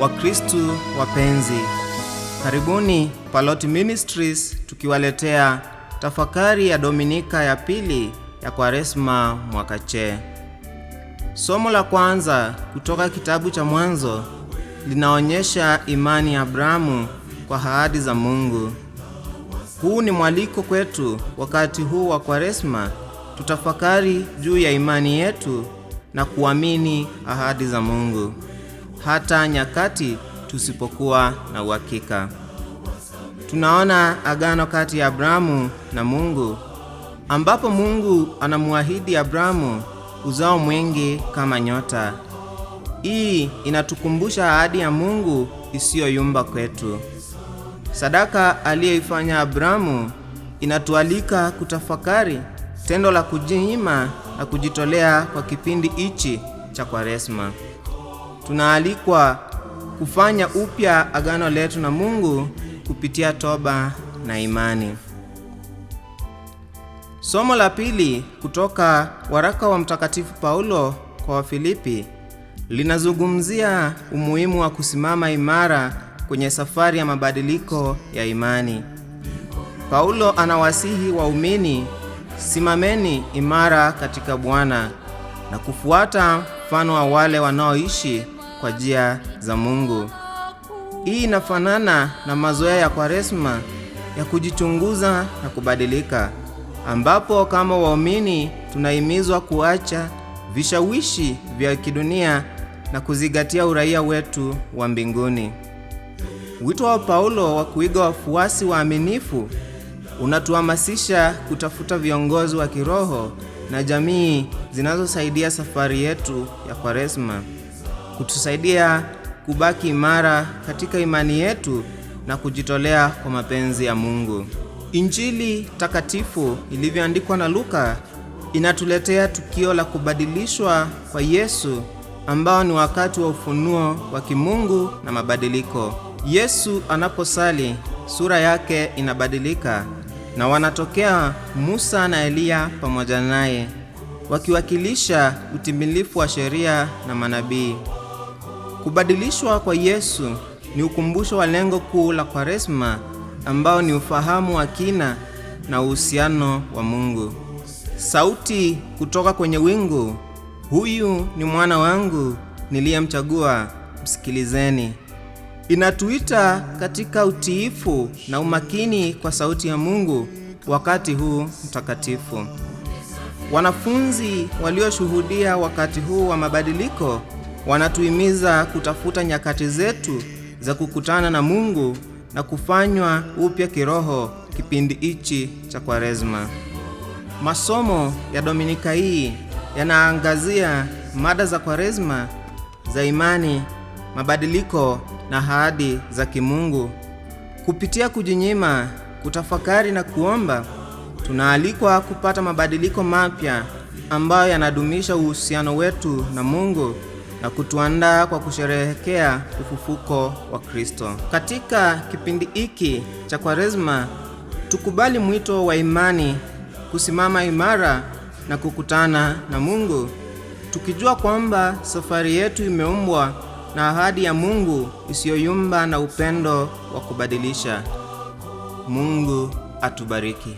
Wakristu wapenzi, karibuni Palot Ministries tukiwaletea tafakari ya Dominika ya pili ya Kwaresma mwaka C. Somo la kwanza kutoka kitabu cha Mwanzo linaonyesha imani ya Abrahamu kwa ahadi za Mungu. Huu ni mwaliko kwetu wakati huu wa Kwaresma tutafakari juu ya imani yetu na kuamini ahadi za Mungu hata nyakati tusipokuwa na uhakika. Tunaona agano kati ya Abrahamu na Mungu ambapo Mungu anamwahidi Abrahamu uzao mwingi kama nyota. Hii inatukumbusha ahadi ya Mungu isiyoyumba kwetu. Sadaka aliyoifanya Abrahamu inatualika kutafakari tendo la kujinyima na kujitolea kwa kipindi hichi cha Kwaresma. Tunaalikwa kufanya upya agano letu na Mungu kupitia toba na imani. Somo la pili kutoka waraka wa Mtakatifu Paulo kwa Wafilipi linazungumzia umuhimu wa kusimama imara kwenye safari ya mabadiliko ya imani. Paulo anawasihi waumini Simameni imara katika Bwana na kufuata mfano wa wale wanaoishi kwa njia za Mungu. Hii inafanana na mazoea ya Kwaresma ya kujichunguza na kubadilika, ambapo kama waumini tunahimizwa kuacha vishawishi vya kidunia na kuzingatia uraia wetu wa mbinguni. Wito wa Paulo wa kuiga wafuasi waaminifu unatuhamasisha kutafuta viongozi wa kiroho na jamii zinazosaidia safari yetu ya Kwaresma, kutusaidia kubaki imara katika imani yetu na kujitolea kwa mapenzi ya Mungu. Injili takatifu ilivyoandikwa na Luka inatuletea tukio la kubadilishwa kwa Yesu ambao ni wakati wa ufunuo wa kimungu na mabadiliko. Yesu anaposali sura yake inabadilika na wanatokea Musa na Eliya pamoja naye wakiwakilisha utimilifu wa sheria na manabii. Kubadilishwa kwa Yesu ni ukumbusho wa lengo kuu la Kwaresma ambao ni ufahamu wa kina na uhusiano wa Mungu. Sauti kutoka kwenye wingu, huyu ni mwana wangu niliyemchagua, msikilizeni inatuita katika utiifu na umakini kwa sauti ya Mungu wakati huu mtakatifu. Wanafunzi walioshuhudia wakati huu wa mabadiliko wanatuhimiza kutafuta nyakati zetu za kukutana na Mungu na kufanywa upya kiroho kipindi hichi cha Kwaresma. Masomo ya Dominika hii yanaangazia mada za Kwaresma za imani mabadiliko na ahadi za kimungu. Kupitia kujinyima, kutafakari na kuomba, tunaalikwa kupata mabadiliko mapya ambayo yanadumisha uhusiano wetu na Mungu na kutuandaa kwa kusherehekea ufufuko wa Kristo. Katika kipindi hiki cha Kwaresma, tukubali mwito wa imani kusimama imara na kukutana na Mungu, tukijua kwamba safari yetu imeumbwa na ahadi ya Mungu isiyoyumba na upendo wa kubadilisha. Mungu atubariki.